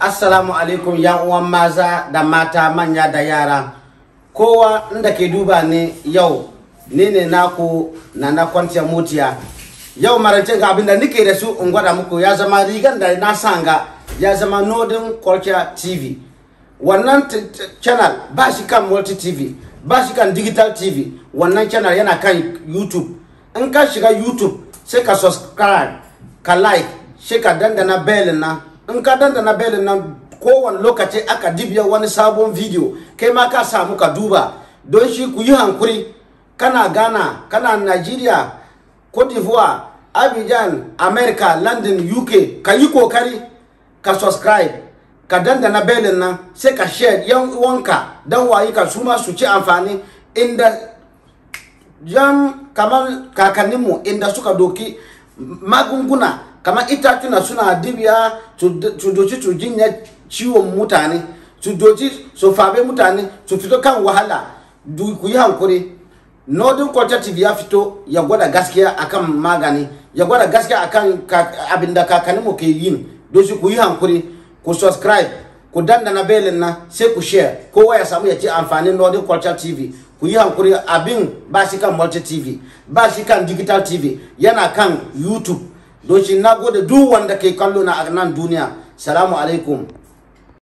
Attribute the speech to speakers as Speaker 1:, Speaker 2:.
Speaker 1: assalamu alaikum yan uwan maza da mata manya da yara kowa inda ke duba ne yau ni ne naku na na kwanciyar mutiya yau marancin ga abinda nike da su in gwada muku ya zama rigan da na sanga ya zama nodin culture tv wannan channel ba shi kan multi tv ba shi kan digital tv wannan channel yana kan youtube in ka shiga youtube sai ka subscribe ka like sai ka dandana bell na in ka dandana belin nan kowane lokaci aka dibiya wani sabon video kai ma ka samu ka duba don shi ku yi hankuri kana ghana kana nigeria cote d'ivoire abidjan america london uk ka yi kokari ka subscribe ka na belin nan sai ka share yan uwanka don wayi ka su ma su ci amfani inda jam kamar kakanninmu inda suka doki magunguna kamar itatuna suna dibiya su doci su jinya ciwon mutane su doci su fabe mutane su fito kan wahala ku yi hankuri nodin quantitative ya fito ya gwada gaskiya akan magani ya gwada gaskiya akan abin da kakanni mu ke yin doci ku yi hankuri ku subscribe ku dandana belin na sai ku share kowa ya samu ya ci amfani nodin culture tv ku yi hankuri abin ba shi kan multi tv ba shi kan digital tv yana kan youtube doshin na gode duk wanda ke kallo na a nan duniya salamu alaikum